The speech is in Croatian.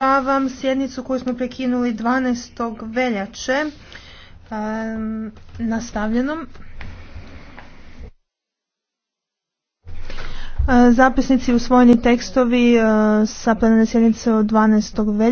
Završavam sjednicu koju smo prekinuli 12. veljače nastavljenom. zapisnici usvojeni tekstovi eh, sa plenarne sjednice od 12. veljače.